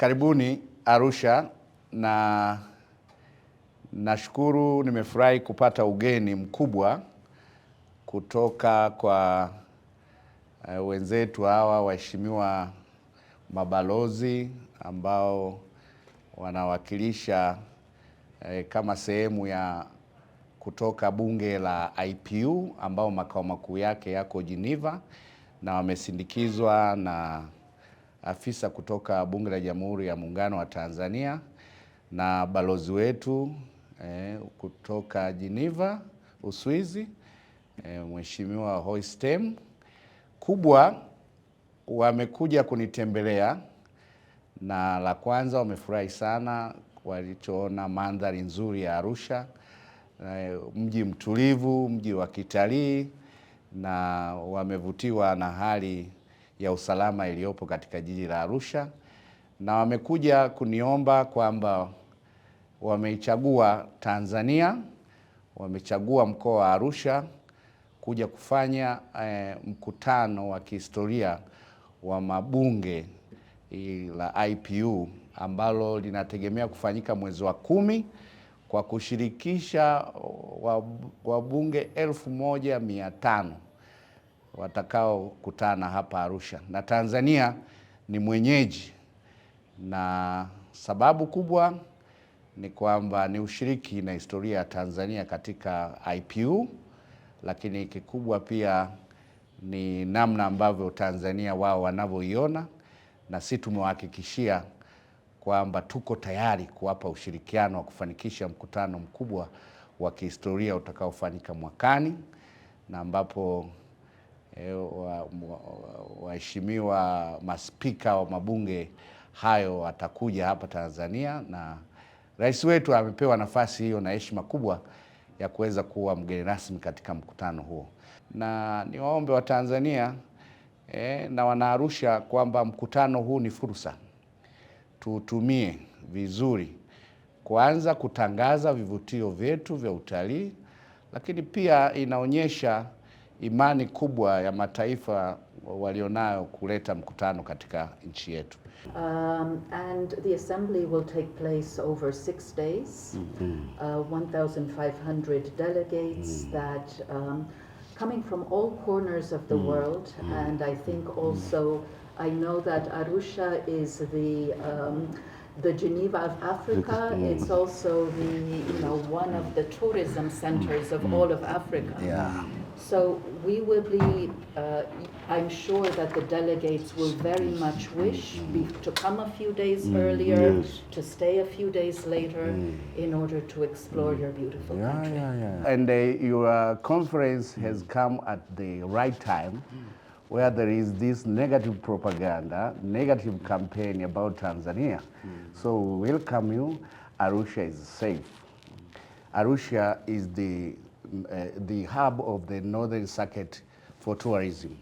Karibuni Arusha na nashukuru, nimefurahi kupata ugeni mkubwa kutoka kwa uh, wenzetu hawa waheshimiwa mabalozi ambao wanawakilisha uh, kama sehemu ya kutoka bunge la IPU ambao makao makuu yake yako Geneva na wamesindikizwa na afisa kutoka Bunge la Jamhuri ya Muungano wa Tanzania na balozi wetu eh, kutoka Geneva Uswizi, eh, Mheshimiwa Hoistem kubwa wamekuja kunitembelea na la kwanza wamefurahi sana walichoona mandhari nzuri ya Arusha, eh, mji mtulivu, mji wa kitalii, na wamevutiwa na hali ya usalama iliyopo katika jiji la Arusha, na wamekuja kuniomba kwamba wameichagua Tanzania, wamechagua mkoa wa Arusha kuja kufanya eh, mkutano wa kihistoria wa mabunge la IPU ambalo linategemea kufanyika mwezi wa kumi kwa kushirikisha wabunge elfu moja mia tano watakaokutana hapa Arusha, na Tanzania ni mwenyeji, na sababu kubwa ni kwamba ni ushiriki na historia ya Tanzania katika IPU, lakini kikubwa pia ni namna ambavyo Tanzania wao wanavyoiona, na si tumewahakikishia kwamba tuko tayari kuwapa ushirikiano wa kufanikisha mkutano mkubwa wa kihistoria utakaofanyika mwakani na ambapo waheshimiwa eh, wa, wa maspika wa mabunge hayo watakuja hapa Tanzania, na rais wetu amepewa nafasi hiyo na heshima kubwa ya kuweza kuwa mgeni rasmi katika mkutano huo, na niwaombe Watanzania eh, na Wanaarusha kwamba mkutano huu ni fursa, tuutumie vizuri kuanza kutangaza vivutio vyetu vya utalii, lakini pia inaonyesha imani kubwa ya mataifa walionayo kuleta mkutano katika nchi yetu. Um, and the assembly will take place over six days. Mm -hmm. uh, 1500 delegates mm -hmm. that um, coming from all corners of the mm -hmm. world mm -hmm. and I think mm. also I know that Arusha is the um, the Geneva of Africa. It's also the you know one of the tourism centers of mm. all of Africa. Yeah. So we will be, uh, I'm sure that the delegates will very much wish be- to come a few days Mm, earlier, yes. to stay a few days later, mm. in order to explore mm. your beautiful Yeah, country. yeah, yeah. And uh, your conference has mm. come at the right time where there is this negative propaganda, negative campaign about Tanzania. So we welcome you. Arusha is safe. Arusha is the Eh, the hub of the Northern Circuit for tourism.